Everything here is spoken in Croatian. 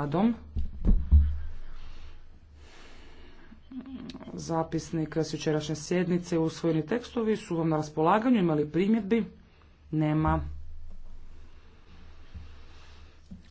radom. Zapisnik s jučerašnje sjednice usvojeni tekstovi su vam na raspolaganju. Imali primjedbi? Nema.